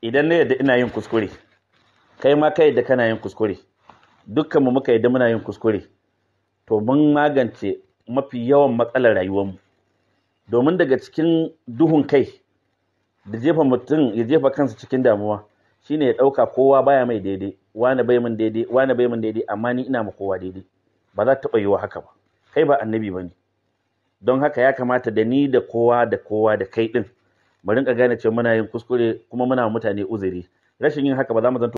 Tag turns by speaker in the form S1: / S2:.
S1: idan na yadda ina yin kuskure kai ma ka yadda kana yin kuskure dukkan mu muka yadda muna yin kuskure to mun magance mafi yawan matsalar rayuwar mu. domin daga cikin duhun kai da jefa mutum ya jefa kansa cikin damuwa shine ya ɗauka kowa baya mai daidai wani bai min daidai wani bai min daidai amma ni ina ma kowa daidai ba za ta yiwa haka ba kai ba annabi ba ne don haka ya kamata da ni da kowa da kowa da kai ɗin mu rinka gane cewa muna yin kuskure kuma muna mutane uzuri rashin yin haka ba za mu zanto